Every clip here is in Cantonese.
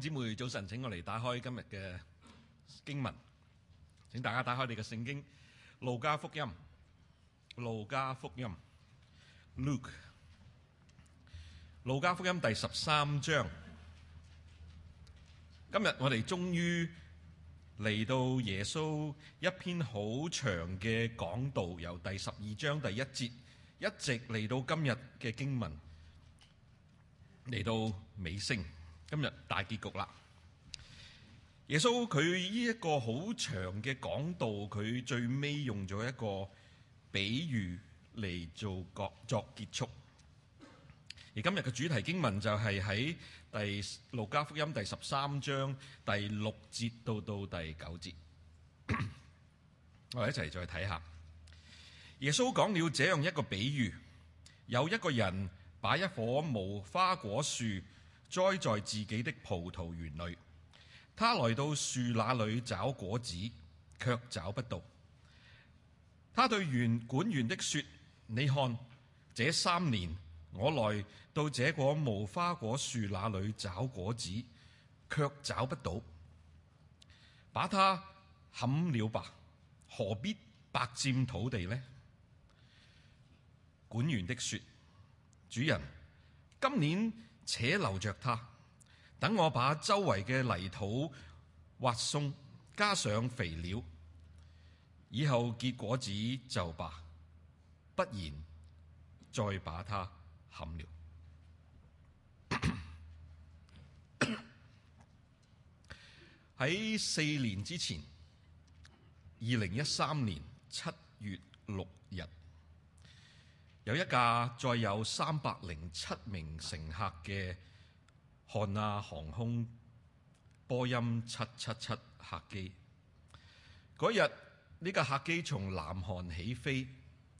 姊妹早晨，請我嚟打開今日嘅經文，請大家打開你嘅聖經《路加福音》《路加福音》Luke《路加福音》第十三章。今日我哋終於嚟到耶穌一篇好長嘅講道，由第十二章第一節一直嚟到今日嘅經文，嚟到尾聲。今日大結局啦！耶穌佢呢一個好長嘅講道，佢最尾用咗一個比喻嚟做作結束。而今日嘅主題經文就係喺《路加福音》第十三章第六節到到第九節，我哋一齊再睇下。耶穌講了這樣一個比喻：有一個人把一棵無花果樹。栽在自己的葡萄園裏，他來到樹那裏找果子，卻找不到。他對園管員的說：「你看，這三年我來到這棵無花果樹那裏找果子，卻找不到，把它砍了吧，何必白佔土地呢？管員的說：「主人，今年，且留着它，等我把周圍嘅泥土挖鬆，加上肥料，以後結果子就罷，不然再把它砍了。喺 四年之前，二零一三年七月六日。有一架載有三百零七名乘客嘅韓亞航空波音七七七客機，嗰日呢架客機從南韓起飛，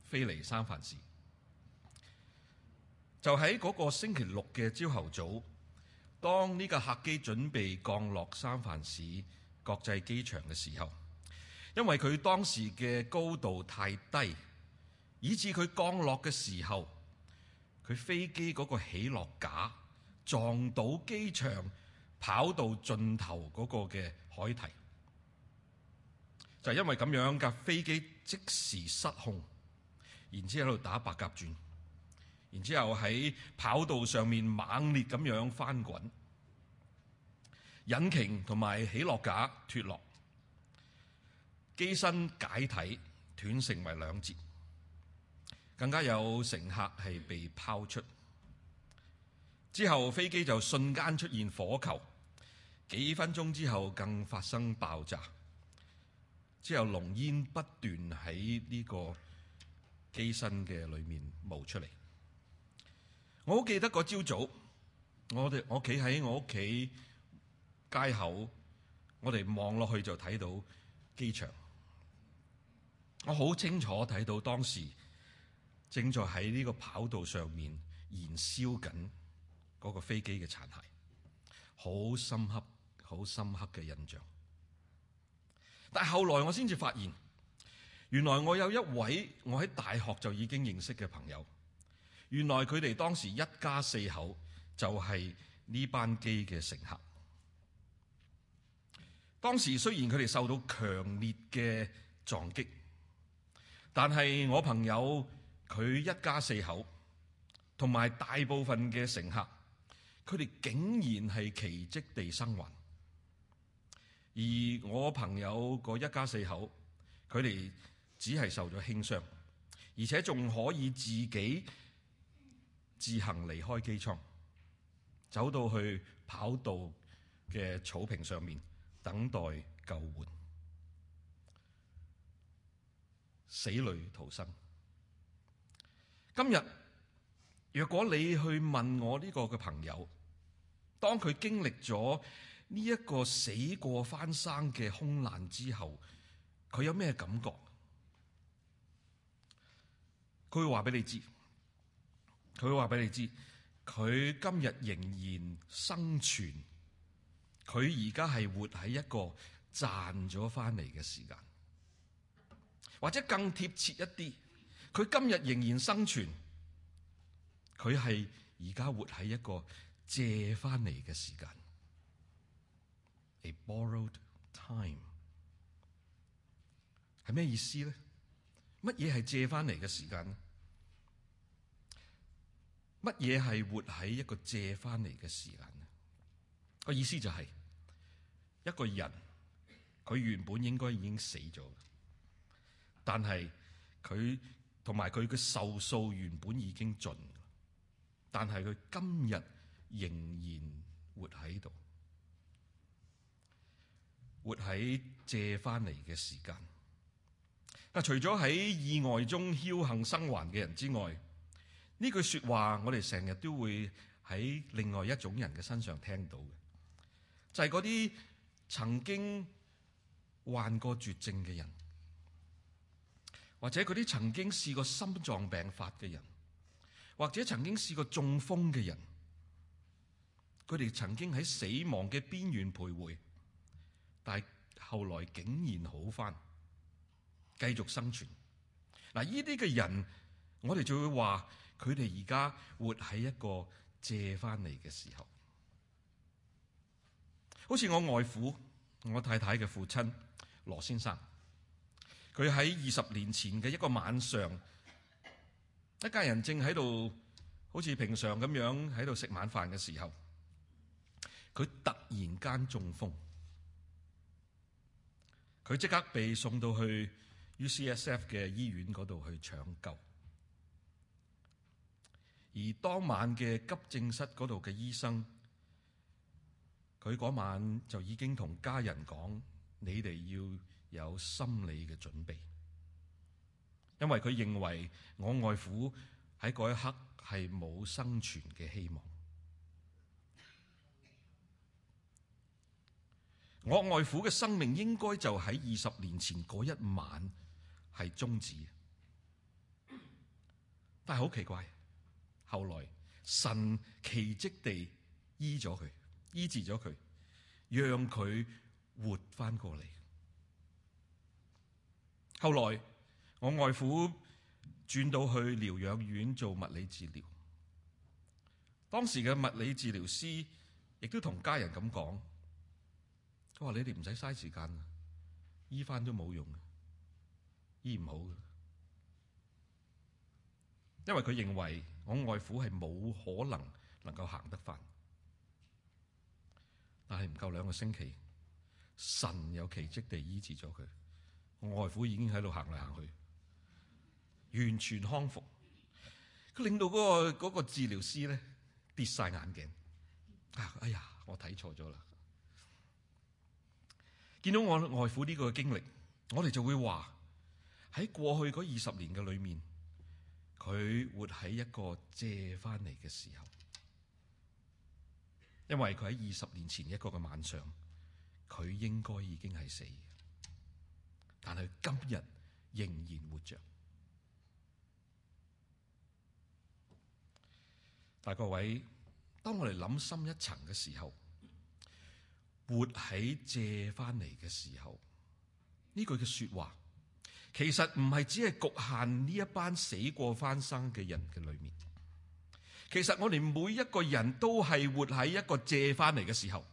飛嚟三藩市，就喺嗰個星期六嘅朝頭早，當呢架客機準備降落三藩市國際機場嘅時候，因為佢當時嘅高度太低。以至佢降落嘅時候，佢飛機嗰個起落架撞到機場跑道盡頭嗰個嘅海堤，就是、因為咁樣架飛機即時失控，然之後喺度打白鴿轉，然之後喺跑道上面猛烈咁樣翻滾，引擎同埋起落架脫落，機身解體斷成為兩截。更加有乘客係被拋出之後，飛機就瞬間出現火球，幾分鐘之後更發生爆炸，之後濃煙不斷喺呢個機身嘅裏面冒出嚟。我好記得嗰朝早，我哋我企喺我屋企街口，我哋望落去就睇到機場，我好清楚睇到當時。正在喺呢個跑道上面燃燒緊嗰個飛機嘅殘骸，好深刻、好深刻嘅印象。但係後來我先至發現，原來我有一位我喺大學就已經認識嘅朋友，原來佢哋當時一家四口就係呢班機嘅乘客。當時雖然佢哋受到強烈嘅撞擊，但係我朋友。佢一家四口，同埋大部分嘅乘客，佢哋竟然係奇跡地生還。而我朋友個一家四口，佢哋只係受咗輕傷，而且仲可以自己自行離開機艙，走到去跑道嘅草坪上面等待救援，死裡逃生。今日，若果你去問我呢個嘅朋友，當佢經歷咗呢一個死過返生嘅空難之後，佢有咩感覺？佢會話畀你知，佢會話畀你知，佢今日仍然生存，佢而家係活喺一個賺咗返嚟嘅時間，或者更貼切一啲。佢今日仍然生存，佢係而家活喺一個借翻嚟嘅時間，a borrowed time 係咩意思咧？乜嘢係借翻嚟嘅時間咧？乜嘢係活喺一個借翻嚟嘅時間咧？個意思就係、是、一個人，佢原本應該已經死咗，但係佢。同埋佢嘅壽數原本已經盡了，但係佢今日仍然活喺度，活喺借翻嚟嘅時間。啊，除咗喺意外中僥倖生還嘅人之外，呢句説話我哋成日都會喺另外一種人嘅身上聽到嘅，就係嗰啲曾經患過絕症嘅人。或者嗰啲曾經試過心臟病發嘅人，或者曾經試過中風嘅人，佢哋曾經喺死亡嘅邊緣徘徊，但係後來竟然好翻，繼續生存。嗱，呢啲嘅人，我哋就會話佢哋而家活喺一個借翻嚟嘅時候。好似我外父、我太太嘅父親羅先生。佢喺二十年前嘅一個晚上，一家人正喺度好似平常咁樣喺度食晚飯嘅時候，佢突然間中風，佢即刻被送到去 UCSF 嘅醫院嗰度去搶救，而當晚嘅急症室嗰度嘅醫生，佢嗰晚就已經同家人講：你哋要……有心理嘅準備，因為佢認為我外父喺嗰一刻係冇生存嘅希望。我外父嘅生命應該就喺二十年前嗰一晚係終止，但係好奇怪，後來神奇跡地醫咗佢，醫治咗佢，讓佢活翻過嚟。後來我外父轉到去療養院做物理治療，當時嘅物理治療師亦都同家人咁講，佢話，你哋唔使嘥時間啦，醫翻都冇用，醫唔好嘅，因為佢認為我外父係冇可能能夠行得翻，但係唔夠兩個星期，神有奇蹟地醫治咗佢。外父已經喺度行嚟行去，完全康復。佢令到嗰個嗰個治療師咧，跌晒眼鏡。哎呀，我睇錯咗啦！見到我外父呢個經歷，我哋就會話：喺過去嗰二十年嘅裏面，佢活喺一個借翻嚟嘅時候。因為佢喺二十年前一個嘅晚上，佢應該已經係死。但係今日仍然活着，但係各位，當我哋諗深一層嘅時候，活喺借翻嚟嘅時候，呢句嘅說話，其實唔係只係局限呢一班死過翻生嘅人嘅裏面，其實我哋每一個人都係活喺一個借翻嚟嘅時候。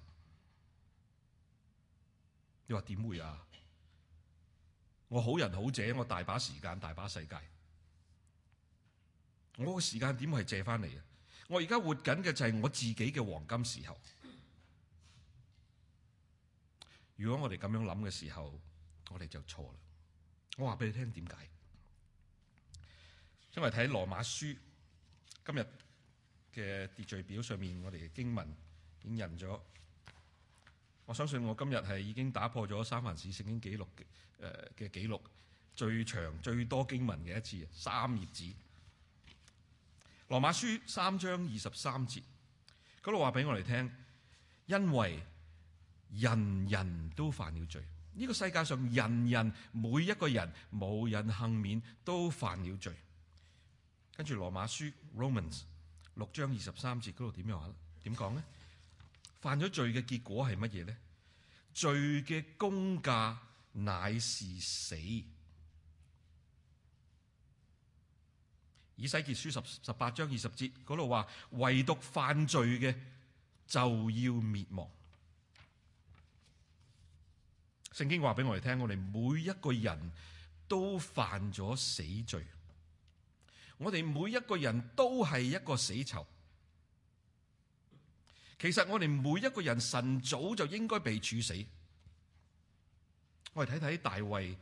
你話點會啊？我好人好者，我大把時間，大把世界。我個時間點係借翻嚟嘅。我而家活緊嘅就係我自己嘅黃金時候。如果我哋咁樣諗嘅時候，我哋就錯啦。我話俾你聽點解？因為睇羅馬書今日嘅秩序表上面，我哋嘅經文已經印咗。我相信我今日係已經打破咗三藩市聖經記錄嘅。誒嘅記錄，最長最多經文嘅一次，三頁紙。羅馬書三章二十三節嗰度話俾我哋聽，因為人人都犯了罪。呢個世界上人人，每一個人冇人幸免，都犯了罪。跟住羅馬書 Romans 六章二十三節嗰度點樣話咧？點講咧？犯咗罪嘅結果係乜嘢呢？罪嘅工價，乃是死。以西結書十十八章二十節嗰度話，唯獨犯罪嘅就要滅亡。聖經話俾我哋聽，我哋每一個人都犯咗死罪，我哋每一個人都係一個死囚。其實我哋每一個人神早就應該被處死。我哋睇睇大衛，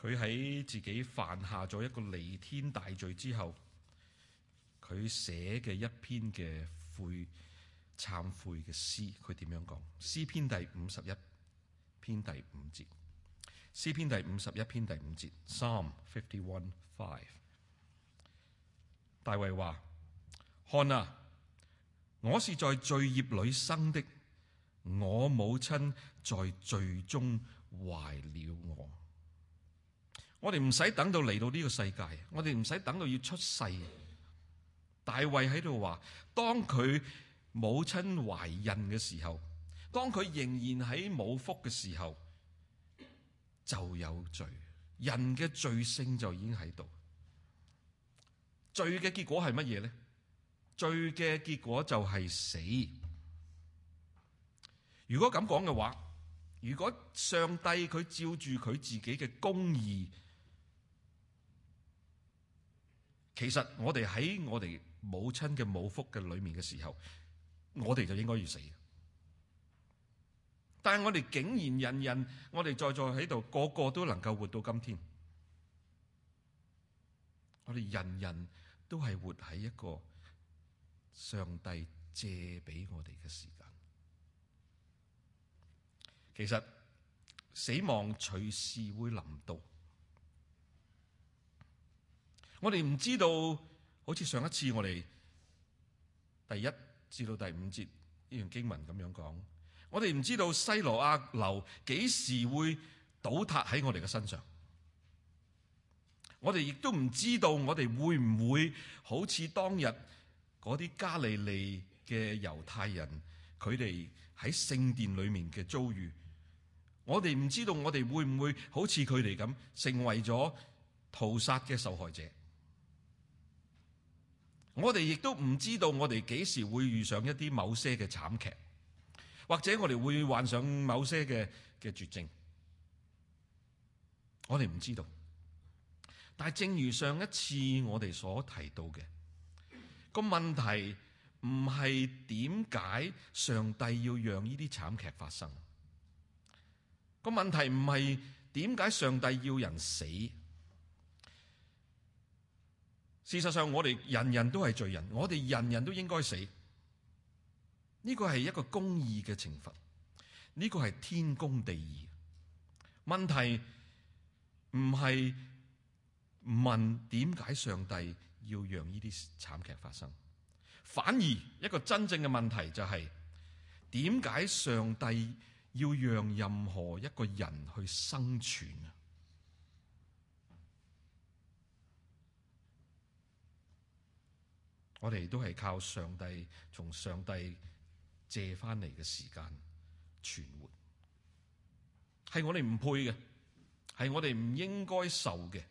佢喺自己犯下咗一個彌天大罪之後，佢寫嘅一篇嘅悔懺悔嘅詩，佢點樣講？詩篇，篇，篇第五十一篇第五節，詩篇第五十一篇第五節 Psalm fifty-one five。大衛話：看啊，我是在罪孽裏生的。我母親在罪中懷了我。我哋唔使等到嚟到呢個世界，我哋唔使等到要出世。大衛喺度話：當佢母親懷孕嘅時候，當佢仍然喺母腹嘅時候，就有罪。人嘅罪性就已經喺度。罪嘅結果係乜嘢呢？罪嘅結果就係死。如果咁講嘅話，如果上帝佢照住佢自己嘅公義，其實我哋喺我哋母親嘅母腹嘅裏面嘅時候，我哋就應該要死。但係我哋竟然人人，我哋在座喺度個個都能夠活到今天，我哋人人都係活喺一個上帝借俾我哋嘅時間。其實死亡隨時會臨到，我哋唔知道，好似上一次我哋第一至到第五節呢段經文咁樣講，我哋唔知道西羅亞樓幾時會倒塌喺我哋嘅身上，我哋亦都唔知道我哋會唔會好似當日嗰啲加利利嘅猶太人，佢哋喺聖殿裏面嘅遭遇。我哋唔知道我哋會唔會好似佢哋咁成為咗屠殺嘅受害者。我哋亦都唔知道我哋幾時會遇上一啲某些嘅慘劇，或者我哋會患上某些嘅嘅絕症。我哋唔知道。但係正如上一次我哋所提到嘅，個問題唔係點解上帝要讓呢啲慘劇發生。個問題唔係點解上帝要人死，事實上我哋人人都係罪人，我哋人人都應該死。呢個係一個公義嘅懲罰，呢個係天公地義。問題唔係問點解上帝要讓呢啲慘劇發生，反而一個真正嘅問題就係點解上帝要讓任何一個人去生存啊！我哋都係靠上帝，從上帝借翻嚟嘅時間存活，係我哋唔配嘅，係我哋唔應該受嘅，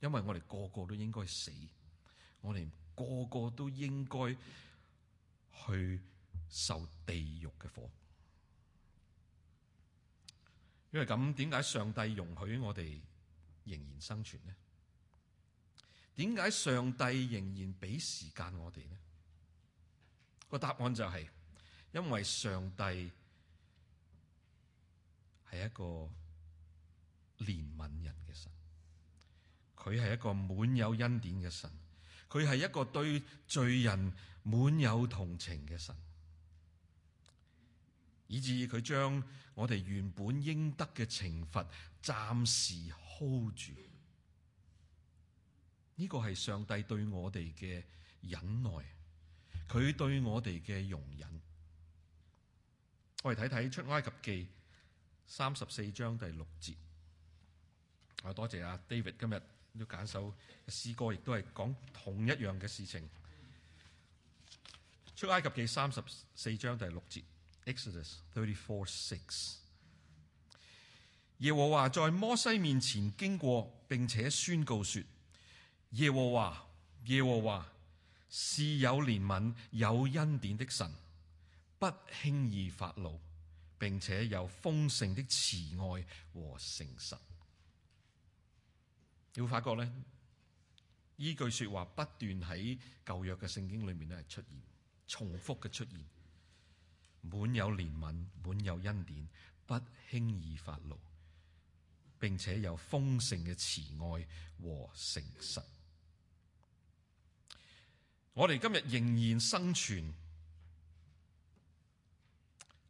因為我哋個個都應該死，我哋個個都應該去受地獄嘅火。因為咁，點解上帝容許我哋仍然生存呢？點解上帝仍然俾時間我哋呢？個答案就係，因為上帝係一個憐憫人嘅神，佢係一個滿有恩典嘅神，佢係一個對罪人滿有同情嘅神。以至佢將我哋原本應得嘅懲罰暫時 hold 住，呢個係上帝對我哋嘅忍耐，佢對我哋嘅容忍。我哋睇睇出埃及記三十四章第六節。我多謝阿 David 今日都揀首詩歌，亦都係講同一樣嘅事情。出埃及記三十四章第六節。Exodus 34:6，耶和華在摩西面前經過，並且宣告說：耶和華，耶和華是有憐憫、有恩典的神，不輕易發怒，並且有豐盛的慈愛和誠實。你會發覺呢，呢句說話不斷喺舊約嘅聖經裏面咧出現，重複嘅出現。滿有憐憫，滿有恩典，不輕易發怒，並且有豐盛嘅慈愛和誠實。我哋今日仍然生存，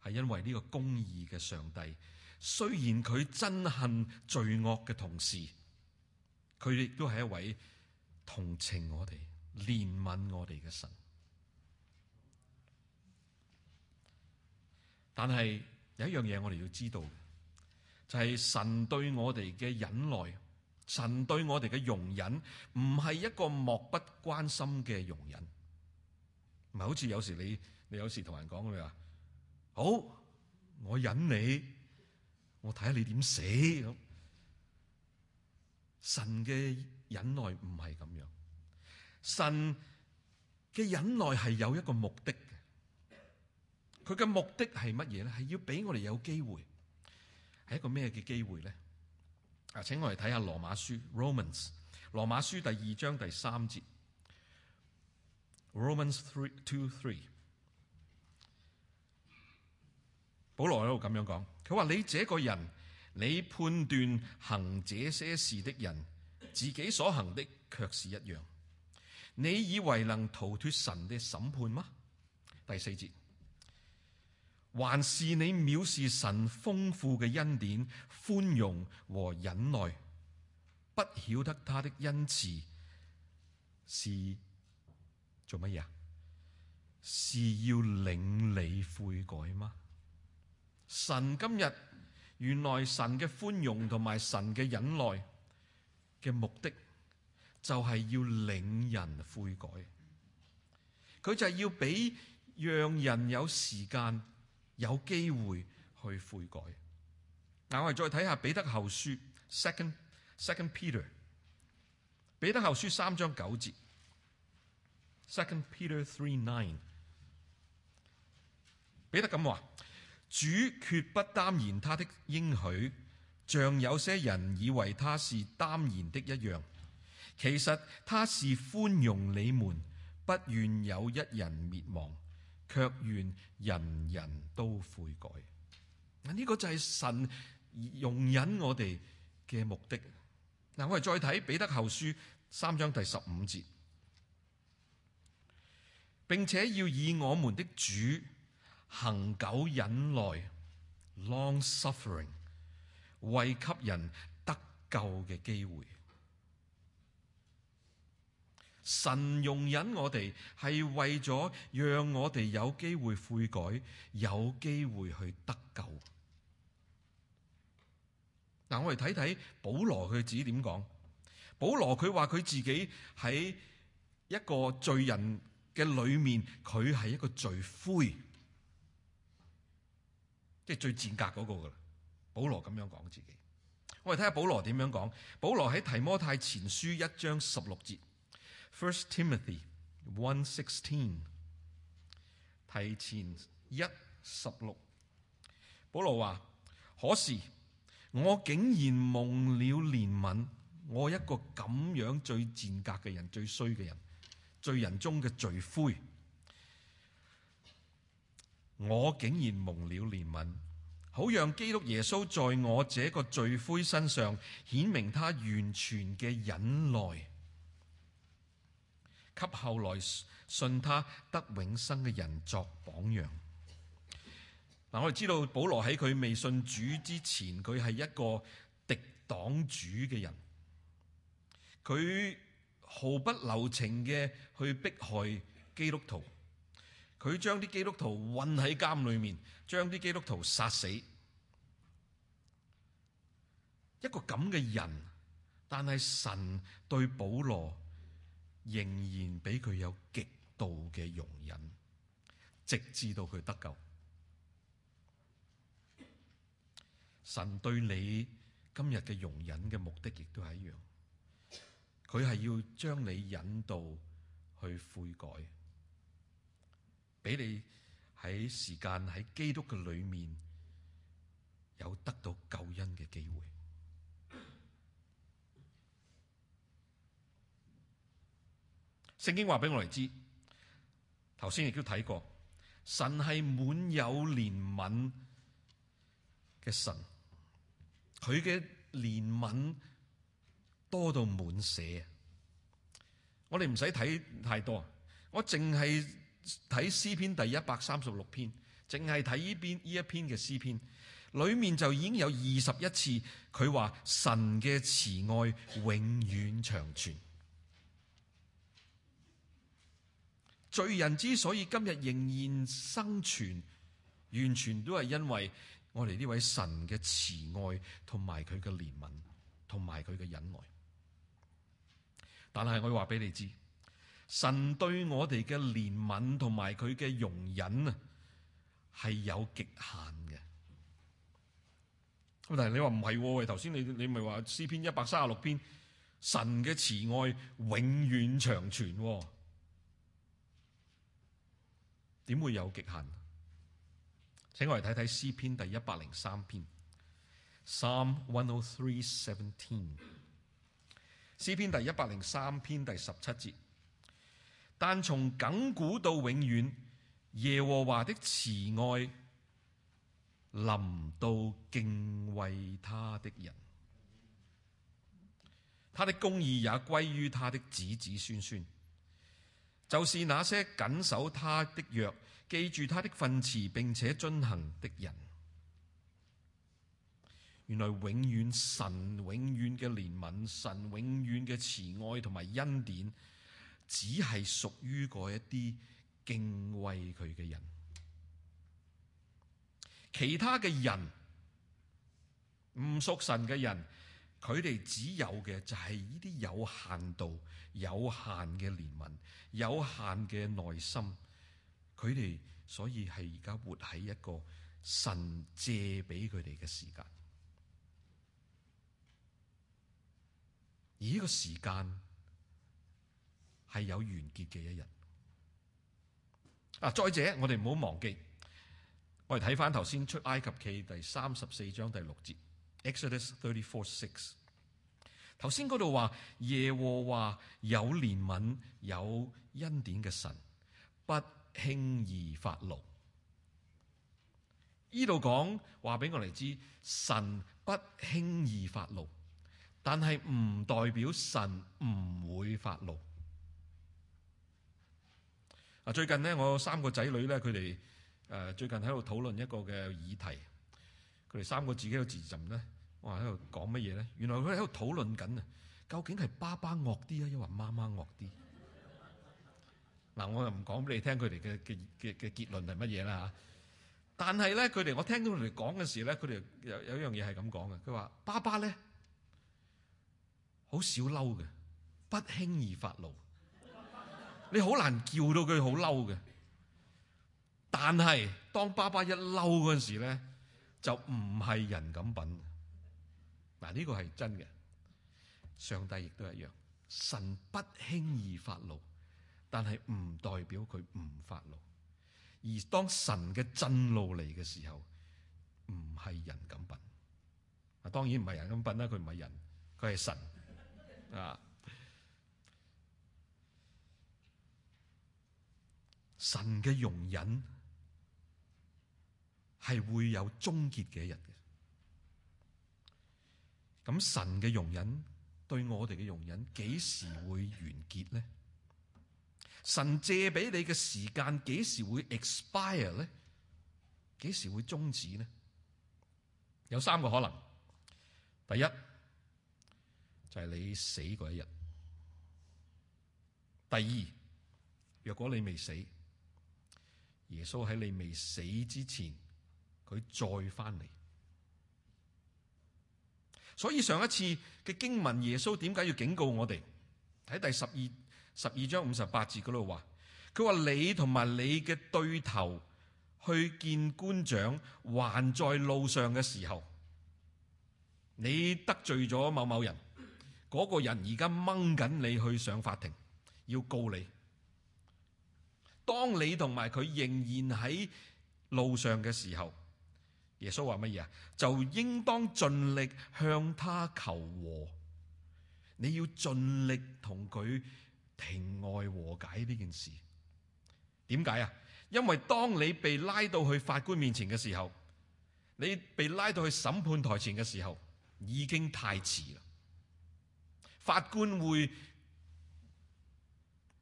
係因為呢個公義嘅上帝。雖然佢憎恨罪惡嘅同時，佢亦都係一位同情我哋、憐憫我哋嘅神。但係有一樣嘢我哋要知道，就係神對我哋嘅忍耐，神對我哋嘅容忍，唔係一個漠不關心嘅容忍，唔係好似有時你你有時同人講咁樣，好，我忍你，我睇下你點死咁。神嘅忍耐唔係咁樣，神嘅忍耐係有一個目的。佢嘅目的係乜嘢咧？係要俾我哋有機會，係一個咩嘅機會咧？啊，請我哋睇下《羅馬書》（Romans）《羅馬書》第二章第三節 （Romans three two three）。保羅喺度咁樣講，佢話，你這個人，你判斷行這些事的人，自己所行的卻是一樣。你以為能逃脫神的審判嗎？第四節。還是你藐視神豐富嘅恩典、寬容和忍耐，不曉得他的恩慈是做乜嘢啊？是要領你悔改嗎？神今日原來神嘅寬容同埋神嘅忍耐嘅目的，就係、是、要領人悔改。佢就係要俾讓人有時間。有機會去悔改。嗱，我哋再睇下彼得後書，Second Second Peter。彼得後書三章九節，Second Peter three nine。彼得咁話：主決不耽延他的應許，像有些人以為他是耽延的一樣。其實他是寬容你們，不願有一人滅亡。卻願人人都悔改。嗱，呢個就係神容忍我哋嘅目的。嗱，我哋再睇彼得後書三章第十五節，並且要以我們的主恒久忍耐 （long suffering） 為給人得救嘅機會。神容忍我哋係為咗讓我哋有機會悔改，有機會去得救。嗱，我哋睇睇保羅佢自己點講。保羅佢話佢自己喺一個罪人嘅裏面，佢係一個罪魁，即係最賤格嗰個噶啦。保羅咁樣講自己，我哋睇下保羅點樣講。保羅喺提摩太前書一章十六節。First Timothy one sixteen 提前一十六，保羅話：「可是我竟然蒙了憐憫，我一個咁樣最賤格嘅人，最衰嘅人，罪人中嘅罪魁。」我竟然蒙了憐憫，好讓基督耶穌在我這個罪魁身上顯明他完全嘅忍耐，給後來信他得永生嘅人作榜樣。嗱，我哋知道保羅喺佢未信主之前，佢係一個敵擋主嘅人，佢毫不留情嘅去迫害基督徒，佢將啲基督徒困喺監裏面，將啲基督徒殺死。一個咁嘅人，但係神對保羅。仍然俾佢有極度嘅容忍，直至到佢得救。神對你今日嘅容忍嘅目的，亦都係一樣。佢係要將你引導去悔改，俾你喺時間、喺基督嘅裏面有得到救恩嘅機會。聖經話俾我哋知，頭先亦都睇過，神係滿有憐憫嘅神，佢嘅憐憫多到滿寫。我哋唔使睇太多，我淨係睇詩篇第一百三十六篇，淨係睇呢邊呢一篇嘅詩篇，裏面就已經有二十一次佢話神嘅慈愛永遠長存。罪人之所以今日仍然生存，完全都係因為我哋呢位神嘅慈愛，同埋佢嘅憐憫，同埋佢嘅忍耐。但係我要話俾你知，神對我哋嘅憐憫同埋佢嘅容忍啊，係有極限嘅。但係你話唔係？頭先你你咪話詩篇一百三十六篇，神嘅慈愛永遠長存喎。點會有極限？請我嚟睇睇詩篇第一百零三篇 Psalm one o three seventeen，詩篇第一百零三篇第十七節。但從亘古到永遠，耶和華的慈愛臨到敬畏他的人，他的公義也歸於他的子子孫孫。就是那些謹守他的約，記住他的訓詞，並且遵行的人。原來永遠神永遠嘅憐憫，神永遠嘅慈愛同埋恩典，只係屬於嗰一啲敬畏佢嘅人。其他嘅人，唔屬神嘅人。佢哋只有嘅就係呢啲有限度、有限嘅憐憫、有限嘅耐心。佢哋所以係而家活喺一個神借俾佢哋嘅時間，而呢個時間係有完結嘅一日。啊！再者，我哋唔好忘記，我哋睇翻頭先出埃及記第三十四章第六節。Exodus thirty four six，頭先嗰度話，耶和華有憐憫、有恩典嘅神，不輕易發怒。呢度講話俾我哋知，神不輕易發怒，但係唔代表神唔會發怒。啊，最近咧我三個仔女咧，佢哋誒最近喺度討論一個嘅議題，佢哋三個自己嘅自盡咧。我喺度講乜嘢咧？原來佢喺度討論緊啊！究竟係爸爸惡啲啊，抑或媽媽惡啲？嗱，我又唔講俾你聽佢哋嘅嘅嘅嘅結論係乜嘢啦嚇！但係咧，佢哋我聽到佢哋講嘅時咧，佢哋有有一樣嘢係咁講嘅。佢話爸爸咧好少嬲嘅，不輕易發怒，你好難叫到佢好嬲嘅。但係當爸爸一嬲嗰時咧，就唔係人咁品。嗱，呢個係真嘅。上帝亦都一樣，神不輕易發怒，但係唔代表佢唔發怒。而當神嘅震怒嚟嘅時候，唔係人咁笨。啊，當然唔係人咁笨啦，佢唔係人，佢係神。 啊，神嘅容忍係會有終結嘅一日嘅。咁神嘅容忍對我哋嘅容忍幾時會完結呢？神借俾你嘅時間幾時會 expire 咧？幾時會終止呢？有三個可能：第一就係你死嗰一日；第二，若果你未死，耶穌喺你未死之前，佢再翻嚟。所以上一次嘅經文，耶穌點解要警告我哋？喺第十二十二章五十八節嗰度話，佢話你同埋你嘅對頭去見官長，還在路上嘅時候，你得罪咗某某人，嗰個人而家掹緊你去上法庭，要告你。當你同埋佢仍然喺路上嘅時候。耶穌話乜嘢啊？就應當盡力向他求和。你要盡力同佢庭外和解呢件事。點解啊？因為當你被拉到去法官面前嘅時候，你被拉到去審判台前嘅時候，已經太遲啦。法官會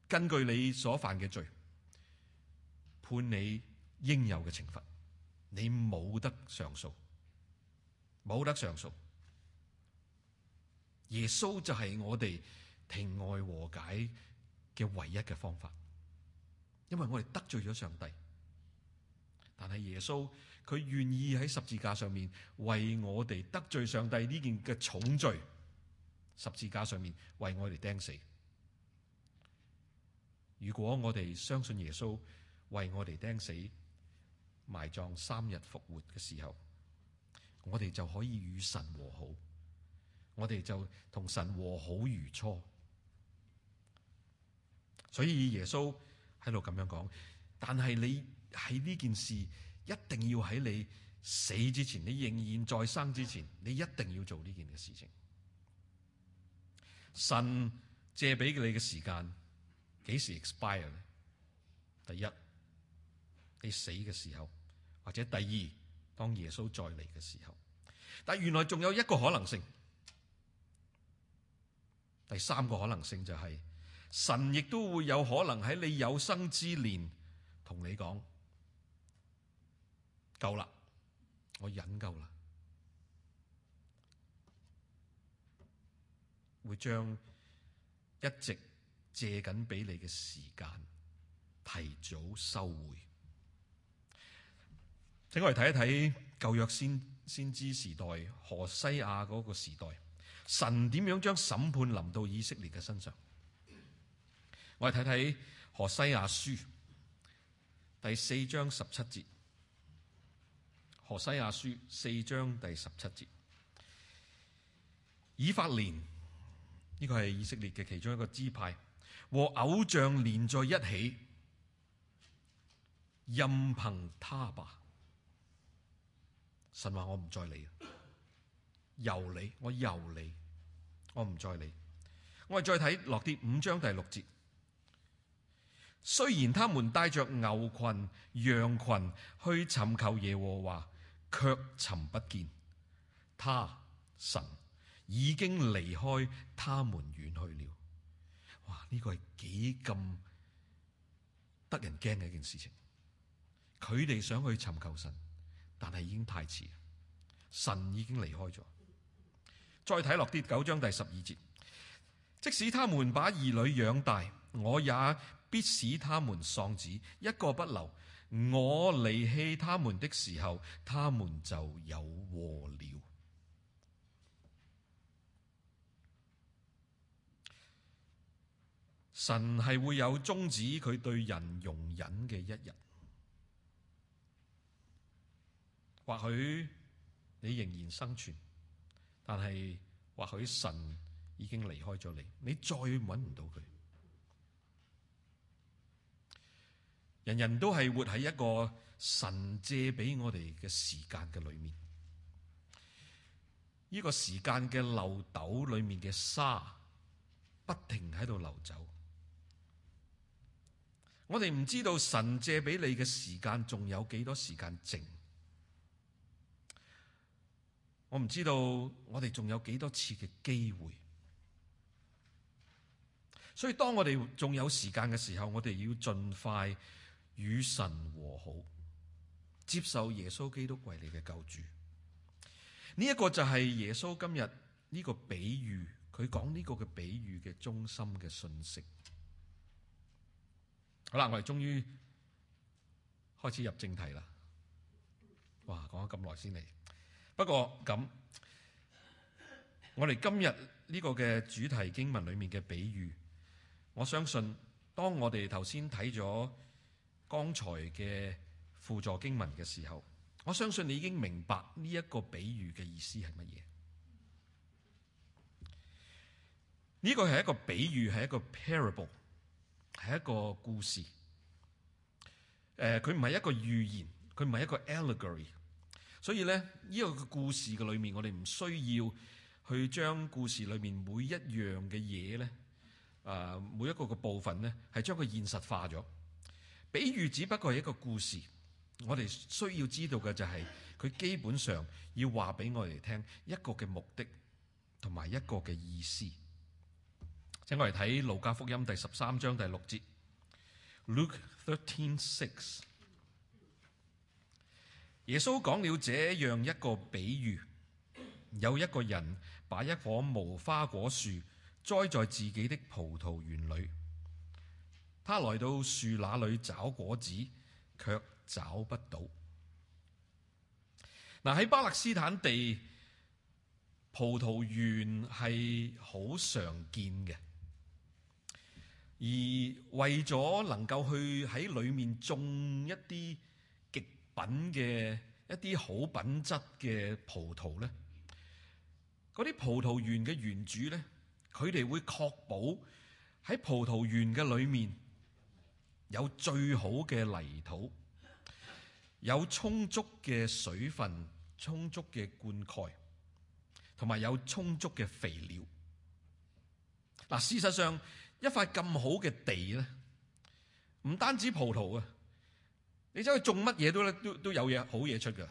根據你所犯嘅罪判你應有嘅懲罰。你冇得上訴，冇得上訴。耶穌就係我哋庭外和解嘅唯一嘅方法，因為我哋得罪咗上帝。但係耶穌，佢願意喺十字架上面為我哋得罪上帝呢件嘅重罪，十字架上面為我哋釘死。如果我哋相信耶穌，為我哋釘死，埋葬三日復活嘅時候，我哋就可以與神和好，我哋就同神和好如初。所以耶穌喺度咁樣講，「但係你喺呢件事一定要喺你死之前，你仍然在生之前，你一定要做呢件嘅事情。神借俾你嘅時間幾時 expire 呢？」第一。你死嘅時候，或者第二當耶穌再嚟嘅時候，但原來仲有一個可能性，第三個可能性就係神亦都會有可能喺你有生之年同你講，夠啦，我忍夠啦，會將一直借緊俾你嘅時間提早收回。請我哋睇一睇舊約先，先知時代何西亞嗰個時代，神點樣將審判臨到以色列嘅身上？我哋睇睇何西亞書第四章十七節，何西亞書四章第十七節，以法蓮，呢個係以色列嘅其中一個支派，和偶像連在一起，任憑他吧。神話我唔再理，又理我又理，我唔再理。我哋再睇落啲五章第六節，雖然他們帶着牛群、羊群去尋求耶和華，卻尋不見他。神已經離開他們遠去了。哇！呢個係幾咁得人驚嘅一件事情。佢哋想去尋求神。但係已經太遲，神已經離開咗。再睇落啲九章第十二節，即使他們把兒女養大，我也必使他們喪子，一個不留。我離棄他們的時候，他們就有禍了。神係會有終止佢對人容忍嘅一日。或許你仍然生存，但係或許神已經離開咗你，你再搵唔到佢。人人都係活喺一個神借俾我哋嘅時間嘅裏面，呢個時間嘅漏斗裏面嘅沙不停喺度流走。我哋唔知道神借俾你嘅時間仲有幾多時間剩。我唔知道我哋仲有幾多次嘅機會，所以當我哋仲有時間嘅時候，我哋要盡快與神和好，接受耶穌基督為你嘅救主。呢一個就係耶穌今日呢個比喻，佢講呢個嘅比喻嘅中心嘅信息。好啦，我哋終於開始入正題啦。哇，講咗咁耐先嚟。不過咁，我哋今日呢個嘅主題經文裡面嘅比喻，我相信當我哋頭先睇咗剛才嘅輔助經文嘅時候，我相信你已經明白呢一個比喻嘅意思係乜嘢。呢個係一個比喻，係一個 parable，係一個故事。誒、呃，佢唔係一個預言，佢唔係一個 allegory。所以咧，呢、這個故事嘅裏面，我哋唔需要去將故事裏面每一樣嘅嘢咧，啊、呃，每一個嘅部分咧，係將佢現實化咗。比喻只不過係一個故事，我哋需要知道嘅就係、是、佢基本上要話俾我哋聽一個嘅目的同埋一個嘅意思。請我哋睇路加福音第十三章第六節。Luke 13:6。耶穌講了這樣一個比喻：有一個人把一棵無花果樹栽在自己的葡萄園裏，他來到樹那裏找果子，卻找不到。嗱，喺巴勒斯坦地，葡萄園係好常見嘅，而為咗能夠去喺裏面種一啲。品嘅一啲好品質嘅葡萄咧，嗰啲葡萄園嘅園主咧，佢哋會確保喺葡萄園嘅裏面有最好嘅泥土，有充足嘅水分，充足嘅灌溉，同埋有充足嘅肥料。嗱，事實上一塊咁好嘅地咧，唔單止葡萄啊！你走去種乜嘢都都都有嘢好嘢出㗎，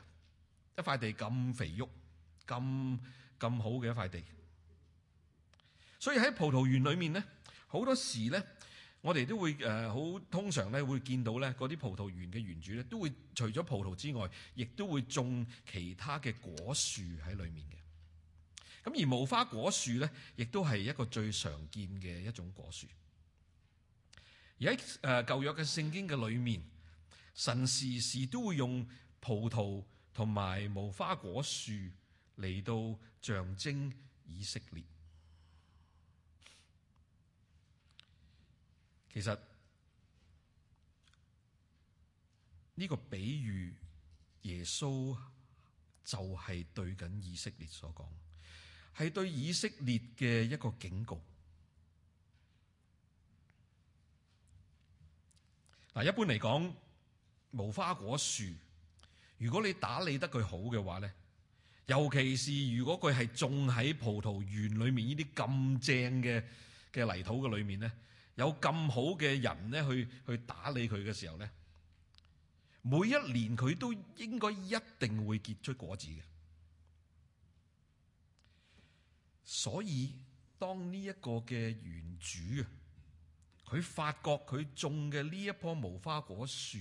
一塊地咁肥沃，咁咁好嘅一塊地。所以喺葡萄園裏面咧，好多時咧，我哋都會誒好、呃、通常咧會見到咧嗰啲葡萄園嘅園主咧都會除咗葡萄之外，亦都會種其他嘅果樹喺裏面嘅。咁而無花果樹咧，亦都係一個最常見嘅一種果樹。而喺誒、呃、舊約嘅聖經嘅裏面。神時時都會用葡萄同埋無花果樹嚟到象徵以色列。其實呢個比喻，耶穌就係對緊以色列所講，係對以色列嘅一個警告。嗱，一般嚟講。無花果樹，如果你打理得佢好嘅話咧，尤其是如果佢係種喺葡萄園裏面呢啲咁正嘅嘅泥土嘅裏面咧，有咁好嘅人咧去去打理佢嘅時候咧，每一年佢都應該一定會結出果子嘅。所以當呢一個嘅園主啊，佢發覺佢種嘅呢一棵無花果樹。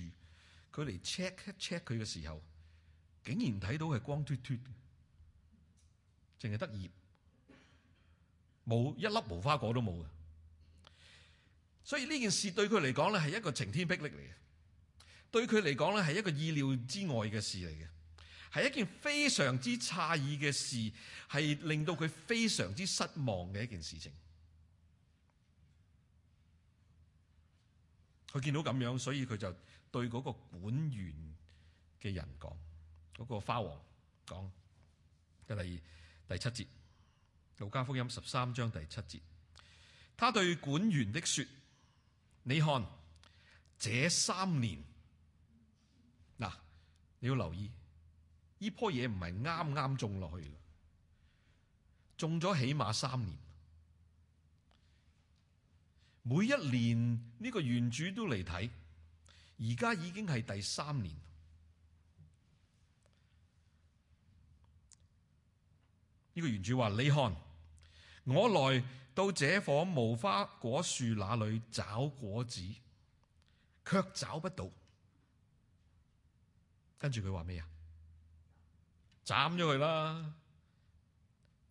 佢嚟 check 一 check 佢嘅時候，竟然睇到係光脫脫，淨係得葉，冇一粒無花果都冇嘅。所以呢件事對佢嚟講咧係一個晴天霹靂嚟嘅，對佢嚟講咧係一個意料之外嘅事嚟嘅，係一件非常之詫異嘅事，係令到佢非常之失望嘅一件事情。佢見到咁樣，所以佢就。對嗰個管園嘅人講，嗰、那個花王講，就係第七節《路加福音》十三章第七節，他對管園的說：你看，這三年，嗱，你要留意，呢棵嘢唔係啱啱種落去嘅，種咗起碼三年，每一年呢、這個園主都嚟睇。而家已經係第三年，呢個原主話：你看我來到這棵無花果樹那裏找果子，卻找不到。跟住佢話咩啊？斬咗佢啦！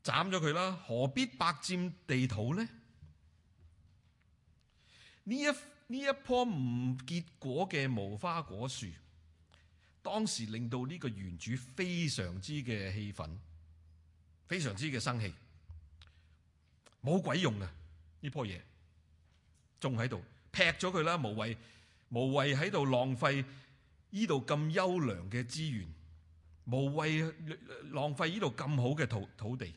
斬咗佢啦！何必白佔地土呢？呢一呢一棵唔結果嘅無花果樹，當時令到呢個園主非常之嘅氣憤，非常之嘅生氣，冇鬼用啊！呢棵嘢種喺度，劈咗佢啦，無謂，無謂喺度浪費呢度咁優良嘅資源，無謂浪費呢度咁好嘅土土地。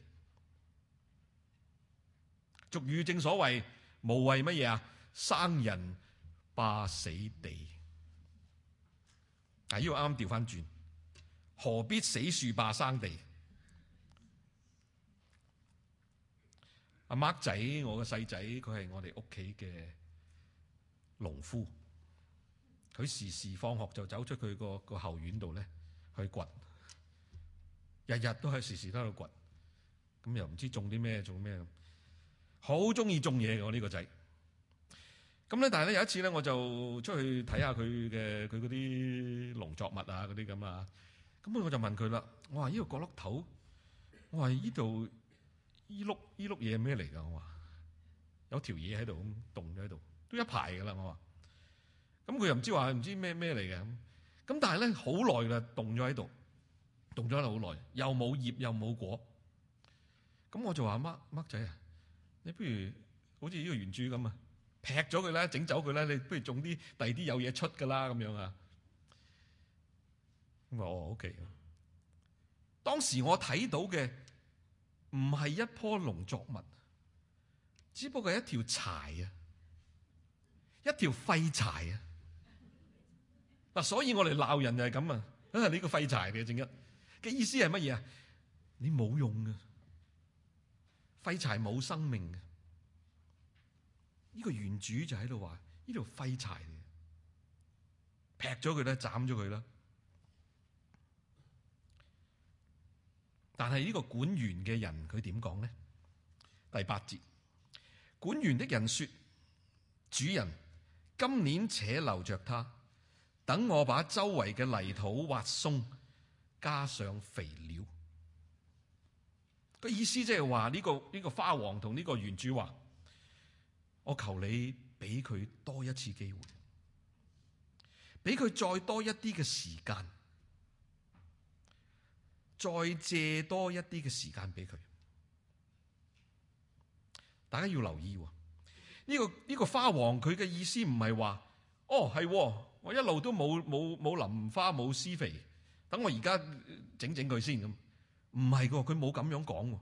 俗語正所謂，無謂乜嘢啊，生人。霸死地！但要啱啱調翻轉，何必死樹霸生地？阿、啊、Mark 仔，我個細仔，佢係我哋屋企嘅農夫。佢時時放學就走出佢個個後院度咧去掘，日日都係時時都喺度掘。咁又唔知種啲咩種咩，好中意種嘢嘅我呢個仔。咁咧，但係咧有一次咧，我就出去睇下佢嘅佢嗰啲農作物啊嗰啲咁啊。咁我就問佢啦，我話依個角落頭，我話依度依碌依碌嘢係咩嚟㗎？我話有條嘢喺度咁凍咗喺度，都一排㗎啦。我話，咁佢又唔知話唔知咩咩嚟嘅。咁但係咧好耐啦，凍咗喺度，凍咗喺度好耐，又冇葉又冇果。咁我就話乜乜仔啊，你不如好似呢個園主咁啊！劈咗佢啦，整走佢啦，你不如種啲第二啲有嘢出㗎啦，咁樣啊？咁、哦、啊，我 OK。當時我睇到嘅唔係一樖農作物，只不過係一條柴啊，一條廢柴啊。嗱，所以我哋鬧人就係咁啊，啊，你個廢柴嘅，正一嘅意思係乜嘢啊？你冇用啊，廢柴冇生命嘅。呢個原主就喺度話：呢度廢柴劈咗佢咧，斬咗佢啦。但係呢個管園嘅人佢點講呢？第八節，管園的人說：主人，今年且留着他，等我把周圍嘅泥土挖鬆，加上肥料。個意思即係話呢個呢個花王同呢個原主話。我求你俾佢多一次機會，俾佢再多一啲嘅時間，再借多一啲嘅時間俾佢。大家要留意喎，呢個呢個花王佢嘅意思唔係話，哦，係，我一路都冇冇冇淋花冇施肥，等我而家整整佢先，咁，唔係噶，佢冇咁樣講。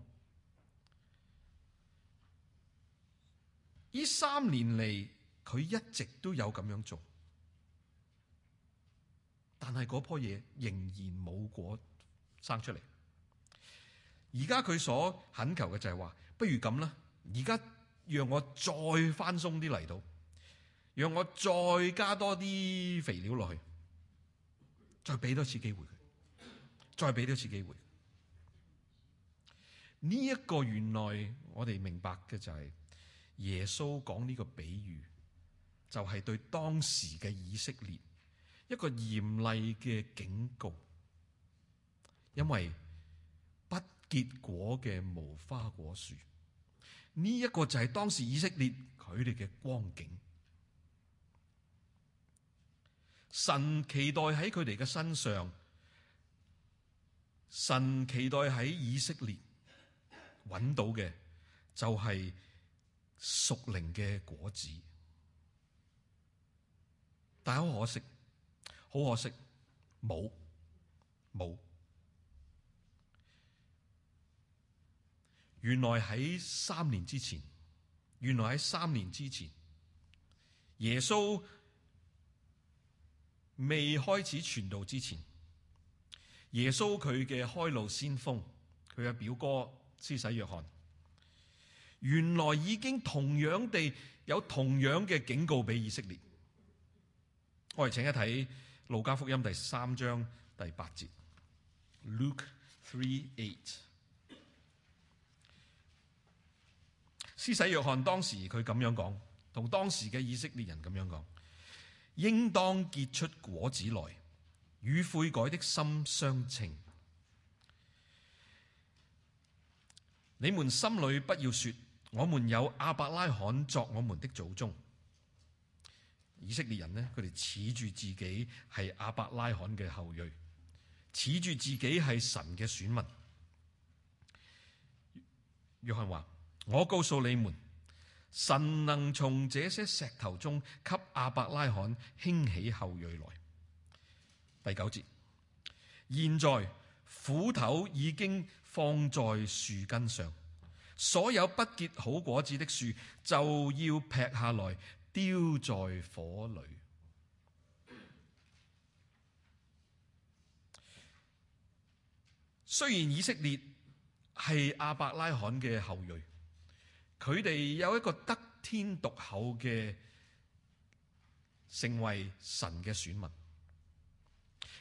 呢三年嚟，佢一直都有咁樣做，但係嗰棵嘢仍然冇果生出嚟。而家佢所懇求嘅就係話，不如咁啦，而家讓我再翻鬆啲泥土，讓我再加多啲肥料落去，再俾多次機會佢，再俾多次機會。呢一個原來我哋明白嘅就係。耶穌講呢個比喻，就係、是、對當時嘅以色列一個嚴厲嘅警告，因為不結果嘅無花果樹，呢、這、一個就係當時以色列佢哋嘅光景。神期待喺佢哋嘅身上，神期待喺以色列搵到嘅就係、是。熟靈嘅果子，但係好可惜，好可惜，冇冇。原來喺三年之前，原來喺三年之前，耶穌未開始傳道之前，耶穌佢嘅開路先鋒，佢嘅表哥，施洗約翰。原來已經同樣地有同樣嘅警告俾以色列。我哋請一睇路加福音第三章第八節。Luke three eight。施洗約翰當時佢咁樣講，同當時嘅以色列人咁樣講，應當結出果子來，與悔改的心相稱。你們心裏不要說。我們有阿伯拉罕作我們的祖宗，以色列人呢，佢哋恃住自己係阿伯拉罕嘅後裔，恃住自己係神嘅選民。約翰話：我告訴你們，神能從這些石頭中，給阿伯拉罕興起後裔來。第九節，現在斧頭已經放在樹根上。所有不結好果子的樹就要劈下來丟在火裏。雖然以色列係亞伯拉罕嘅後裔，佢哋有一個得天獨厚嘅成為神嘅選民，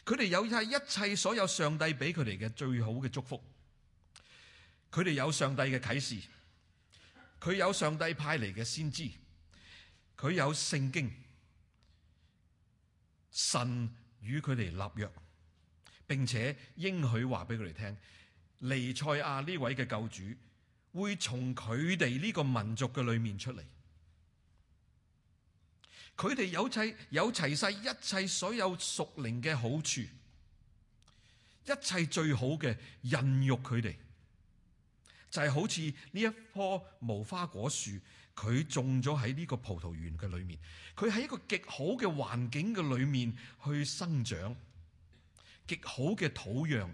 佢哋有係一切所有上帝俾佢哋嘅最好嘅祝福。佢哋有上帝嘅啟示，佢有上帝派嚟嘅先知，佢有聖經，神與佢哋立約，並且應許話俾佢哋聽，彌賽亞呢位嘅救主會從佢哋呢個民族嘅裏面出嚟。佢哋有齊有齊晒一切所有屬靈嘅好處，一切最好嘅孕育佢哋。就係好似呢一棵無花果樹，佢種咗喺呢個葡萄園嘅裏面，佢喺一個極好嘅環境嘅裏面去生長，極好嘅土壤，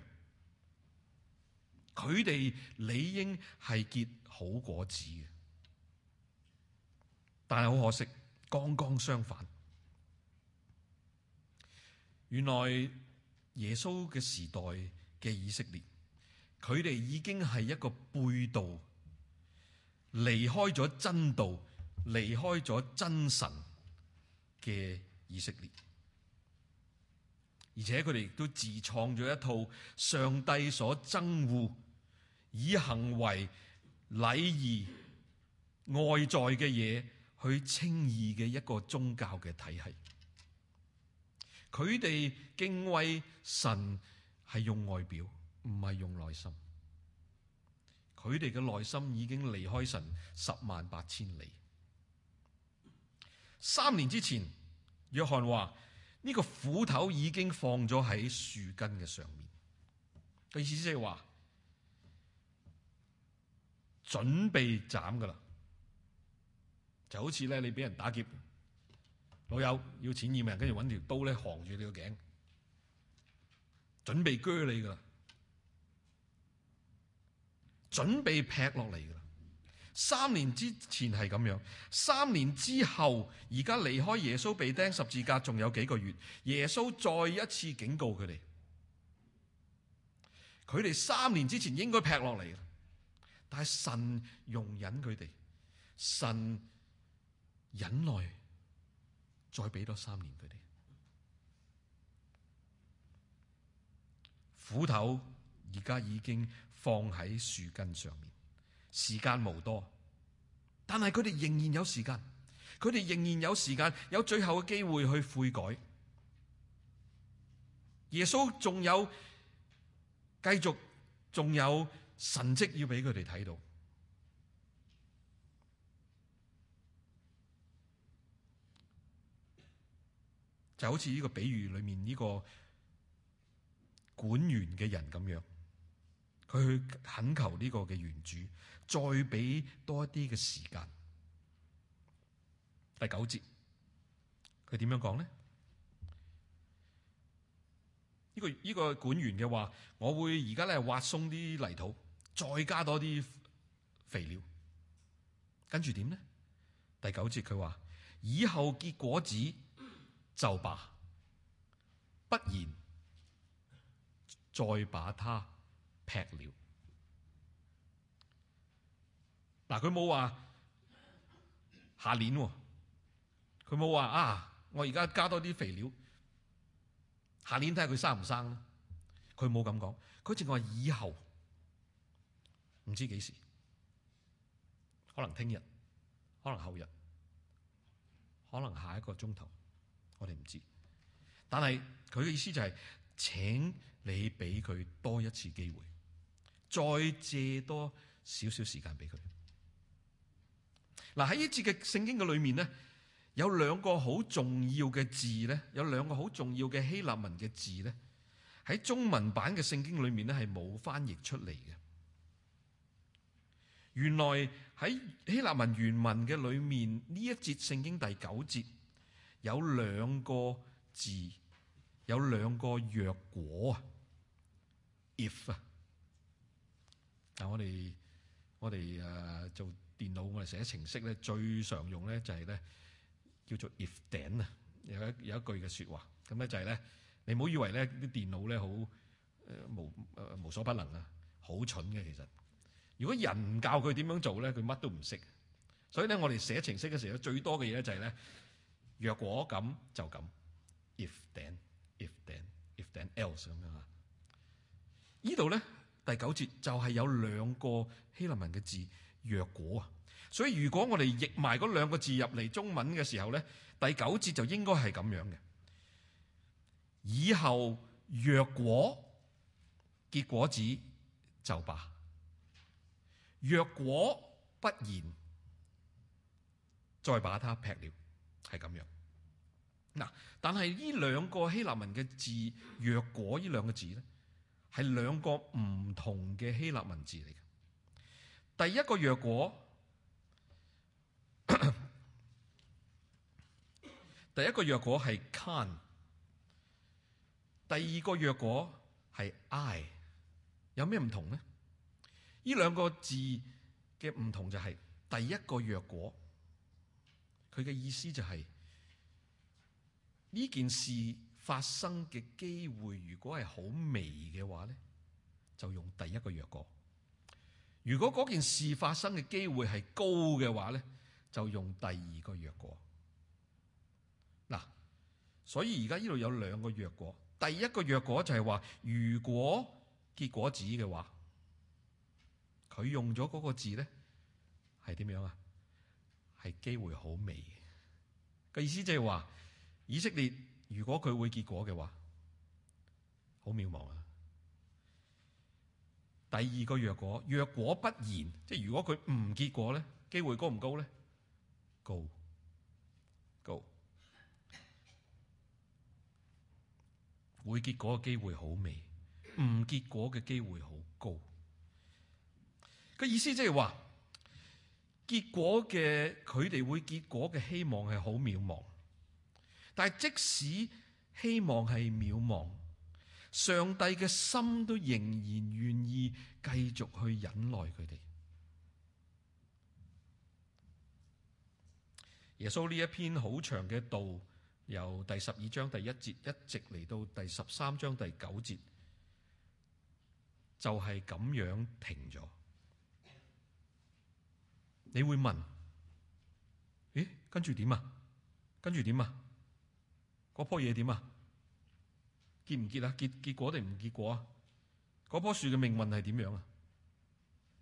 佢哋理應係結好果子嘅，但係好可惜，剛剛相反，原來耶穌嘅時代嘅以色列。佢哋已經係一個背道，離開咗真道，離開咗真神嘅以色列，而且佢哋亦都自創咗一套上帝所憎惡、以行為、禮儀、外在嘅嘢去稱義嘅一個宗教嘅體系。佢哋敬畏神係用外表。唔係用內心，佢哋嘅內心已經離開神十萬八千里。三年之前，約翰話呢個斧頭已經放咗喺樹根嘅上面，意思即係話準備斬噶啦，就好似咧你俾人打劫，老友要錢要命，跟住揾條刀咧扛住你個頸，準備割你噶。準備劈落嚟噶啦！三年之前係咁樣，三年之後，而家離開耶穌被釘十字架，仲有幾個月？耶穌再一次警告佢哋，佢哋三年之前應該劈落嚟，但係神容忍佢哋，神忍耐，再俾多三年佢哋。斧頭而家已經，放喺樹根上面，時間無多，但係佢哋仍然有時間，佢哋仍然有時間，有最後嘅機會去悔改。耶穌仲有繼續，仲有神蹟要俾佢哋睇到，就好似呢個比喻裏面呢個管園嘅人咁樣。佢去懇求呢個嘅原主，再俾多一啲嘅時間。第九節，佢點樣講呢？呢個呢個管員嘅話，我會而家咧挖鬆啲泥土，再加多啲肥料，跟住點呢？第九節佢話：以後結果子就罷，不然再把它。劈了。嗱，佢冇話下年，佢冇話啊，我而家加多啲肥料，下年睇下佢生唔生咧，佢冇咁講，佢淨係話以後唔知幾時，可能聽日，可能後日，可能下一個鐘頭，我哋唔知，但係佢嘅意思就係、是，請你俾佢多一次機會。再借多少少時間俾佢。嗱，喺呢節嘅聖經嘅裏面呢，有兩個好重要嘅字呢，有兩個好重要嘅希臘文嘅字呢，喺中文版嘅聖經裏面呢係冇翻譯出嚟嘅。原來喺希臘文原文嘅裏面，呢一節聖經第九節有兩個字，有兩個若果啊，if 啊。嗱，我哋我哋誒做電腦，我哋寫程式咧最常用咧就係咧叫做 if then 啊，有一有一句嘅説話，咁咧就係咧，你唔好以為咧啲電腦咧好無誒無所不能啊，好蠢嘅其實。如果人唔教佢點樣做咧，佢乜都唔識。所以咧，我哋寫程式嘅時候最多嘅嘢咧就係咧，若果咁就咁，if then if then if then else 咁樣啊。呢度咧，第九節就係有兩個希臘文嘅字，若果啊，所以如果我哋譯埋嗰兩個字入嚟中文嘅時候咧，第九節就應該係咁樣嘅。以後若果結果子就罷，若果不然，再把它劈了，係咁樣。嗱，但係呢兩個希臘文嘅字若果呢兩個字咧。係兩個唔同嘅希臘文字嚟嘅。第一個若果咳咳，第一個若果係 can；第二個若果係 i。有咩唔同呢？呢兩個字嘅唔同就係、是、第一個若果，佢嘅意思就係、是、呢件事。發生嘅機會，如果係好微嘅話咧，就用第一個若果；如果嗰件事發生嘅機會係高嘅話咧，就用第二個若果嗱。所以而家呢度有兩個若果，第一個若果就係話，如果結果指嘅話，佢用咗嗰個字咧，係點樣啊？係機會好微嘅意思就，即係話以色列。如果佢會結果嘅話，好渺茫啊！第二個若果，若果不然，即係如果佢唔結果咧，機會高唔高咧？高。高。會結果嘅機會好微，唔結果嘅機會好高。個意思即係話，結果嘅佢哋會結果嘅希望係好渺茫。但即使希望係渺茫，上帝嘅心都仍然願意繼續去忍耐佢哋。耶穌呢一篇好長嘅道，由第十二章第一節一直嚟到第十三章第九節，就係咁樣停咗。你會問：誒，跟住點啊？跟住點啊？嗰棵嘢點啊？結唔結啊？結結果定唔結果啊？嗰棵樹嘅命運係點樣啊？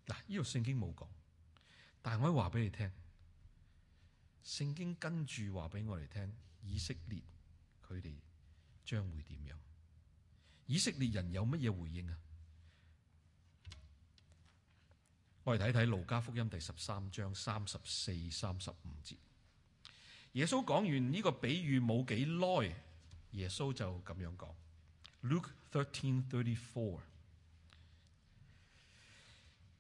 嗱，呢個聖經冇講，但係我可以話俾你聽，聖經跟住話俾我哋聽，以色列佢哋將會點樣？以色列人有乜嘢回應啊？我哋睇睇路加福音第十三章三十四、三十五節。耶穌講完呢個比喻冇幾耐，耶穌就咁樣講：Luke thirteen thirty four，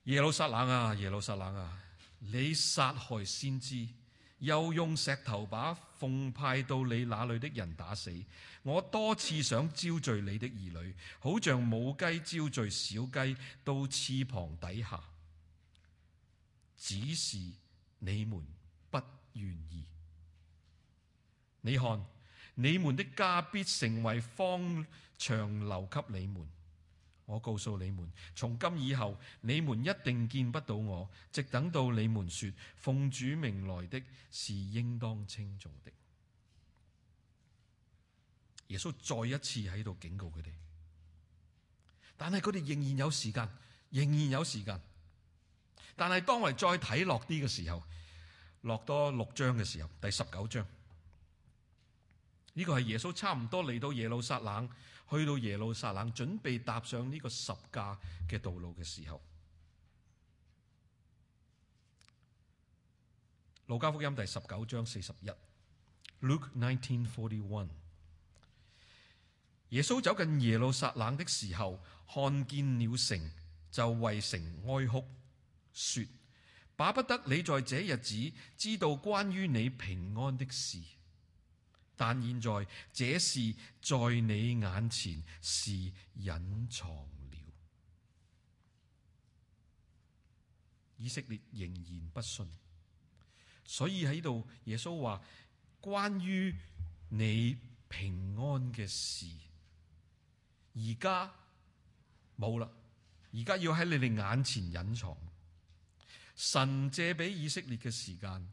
耶路撒冷啊，耶路撒冷啊，你殺害先知，又用石頭把奉派到你那裏的人打死。我多次想招聚你的兒女，好像母雞招聚小雞到翅膀底下，只是你們不願意。你看，你們的家必成為荒場，留給你們。我告訴你們，從今以後你們一定見不到我，直等到你們說奉主名來的是應當稱頌的。耶穌再一次喺度警告佢哋，但係佢哋仍然有時間，仍然有時間。但係當我哋再睇落啲嘅時候，落多六章嘅時候，第十九章。呢個係耶穌差唔多嚟到耶路撒冷，去到耶路撒冷準備踏上呢個十架嘅道路嘅時候，《路加福音》第十九章四十一。Luke nineteen forty one。耶穌走近耶路撒冷的時候，看見了城，就為城哀哭，說：巴不得你在這日子知道關於你平安的事。但現在這事在你眼前是隱藏了。以色列仍然不信，所以喺度耶穌話：關於你平安嘅事，而家冇啦，而家要喺你哋眼前隱藏。神借俾以色列嘅時間，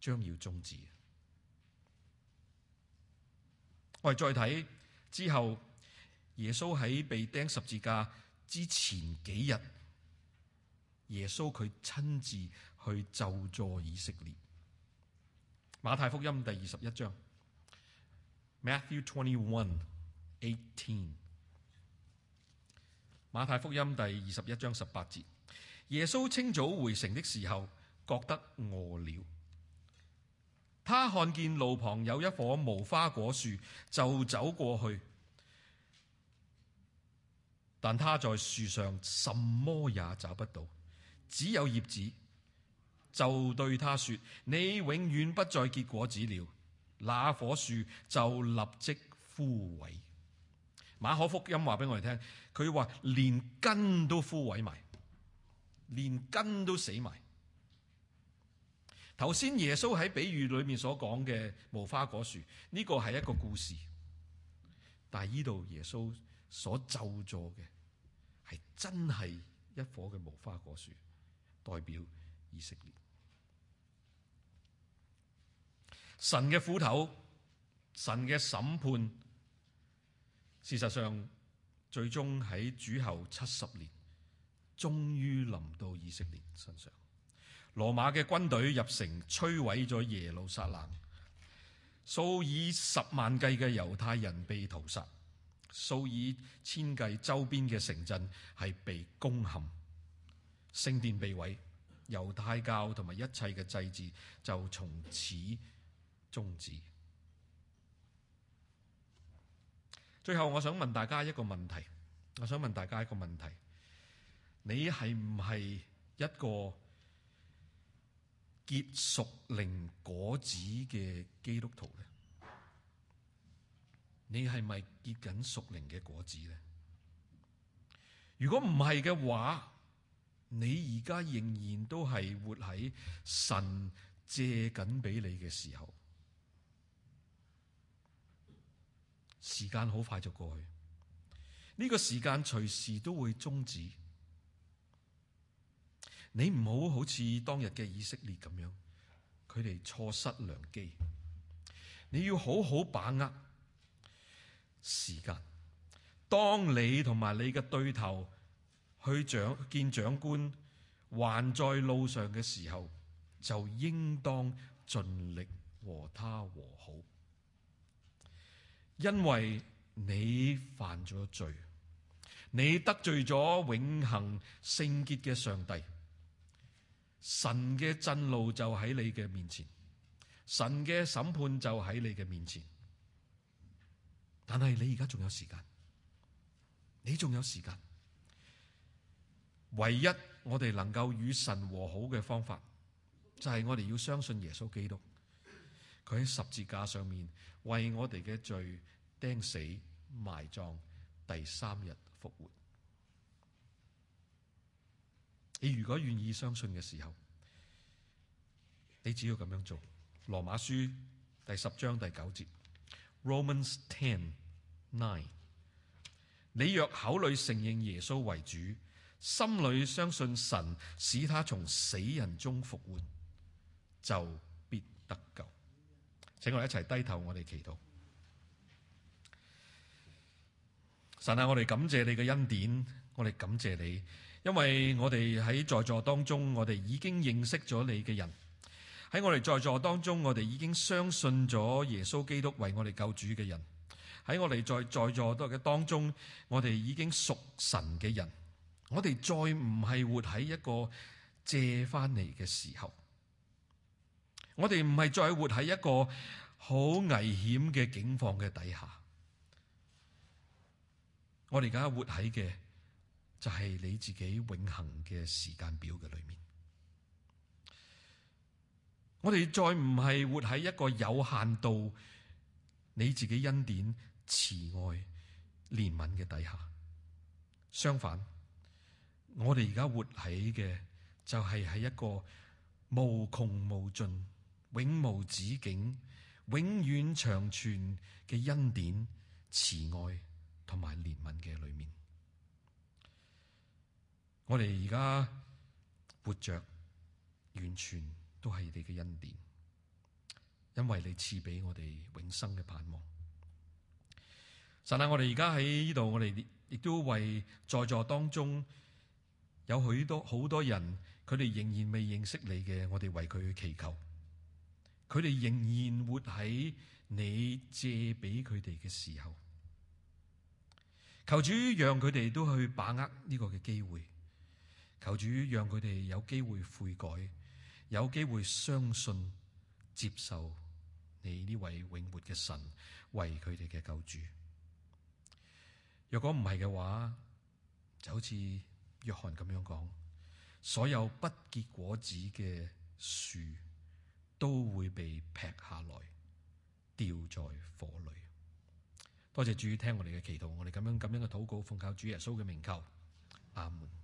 將要終止。我哋再睇之後，耶穌喺被釘十字架之前幾日，耶穌佢親自去救助以色列。馬太福音第二十一章，Matthew twenty one eighteen，馬太福音第二十一章十八節，耶穌清早回城的時候，覺得餓了。他看見路旁有一棵無花果樹，就走過去。但他在樹上什麼也找不到，只有葉子。就對他說：你永遠不再結果子了。那棵樹就立即枯萎。馬可福音話俾我哋聽，佢話連根都枯萎埋，連根都死埋。頭先耶穌喺比喻裏面所講嘅無花果樹，呢、這個係一個故事。但係呢度耶穌所咒詛嘅係真係一棵嘅無花果樹，代表以色列。神嘅斧頭、神嘅審判，事實上最終喺主後七十年，終於臨到以色列身上。羅馬嘅軍隊入城，摧毀咗耶路撒冷，數以十萬計嘅猶太人被屠殺，數以千計周邊嘅城鎮係被攻陷，聖殿被毀，猶太教同埋一切嘅祭祀就從此終止。最後，我想問大家一個問題，我想問大家一個問題：你係唔係一個結屬靈果子嘅基督徒咧，你係咪結緊屬靈嘅果子咧？如果唔係嘅話，你而家仍然都係活喺神借緊俾你嘅時候。時間好快就過去，呢個時間隨時都會終止。你唔好好似當日嘅以色列咁樣，佢哋錯失良機。你要好好把握時間。當你同埋你嘅對頭去長見長官還在路上嘅時候，就應當盡力和他和好，因為你犯咗罪，你得罪咗永恒聖潔嘅上帝。神嘅震怒就喺你嘅面前，神嘅審判就喺你嘅面前，但係你而家仲有時間，你仲有時間。唯一我哋能夠與神和好嘅方法，就係我哋要相信耶穌基督，佢喺十字架上面為我哋嘅罪釘死埋葬，第三日復活。你如果願意相信嘅時候，你只要咁樣做，《羅馬書》第十章第九節，《Romans Ten Nine》。你若口裏承認耶穌為主，心裏相信神使他從死人中復活，就必得救。請我哋一齊低頭我們，我哋祈禱。神啊，我哋感謝你嘅恩典，我哋感謝你。因為我哋喺在，在座當中，我哋已經認識咗你嘅人；喺我哋在座當中，我哋已經相信咗耶穌基督為我哋救主嘅人；喺我哋在在座嘅當中，我哋已經屬神嘅人。我哋再唔係活喺一個借翻嚟嘅時候，我哋唔係再活喺一個好危險嘅境況嘅底下。我哋而家活喺嘅。就係你自己永恒嘅時間表嘅裏面，我哋再唔係活喺一個有限度，你自己恩典、慈愛、憐憫嘅底下。相反，我哋而家活喺嘅，就係喺一個無窮無盡、永無止境、永遠長存嘅恩典、慈愛同埋憐憫嘅裏面。我哋而家活着，完全都係你嘅恩典，因為你賜俾我哋永生嘅盼望。神啊，我哋而家喺呢度，我哋亦都為在座當中有許多好多人，佢哋仍然未認識你嘅，我哋為佢祈求。佢哋仍然活喺你借俾佢哋嘅時候，求主讓佢哋都去把握呢個嘅機會。求主讓佢哋有機會悔改，有機會相信接受你呢位永活嘅神為佢哋嘅救主。若果唔係嘅話，就好似約翰咁樣講，所有不結果子嘅樹都會被劈下來，掉在火裏。多謝主聽我哋嘅祈禱，我哋咁樣咁樣嘅禱告，奉靠主耶穌嘅名求，阿門。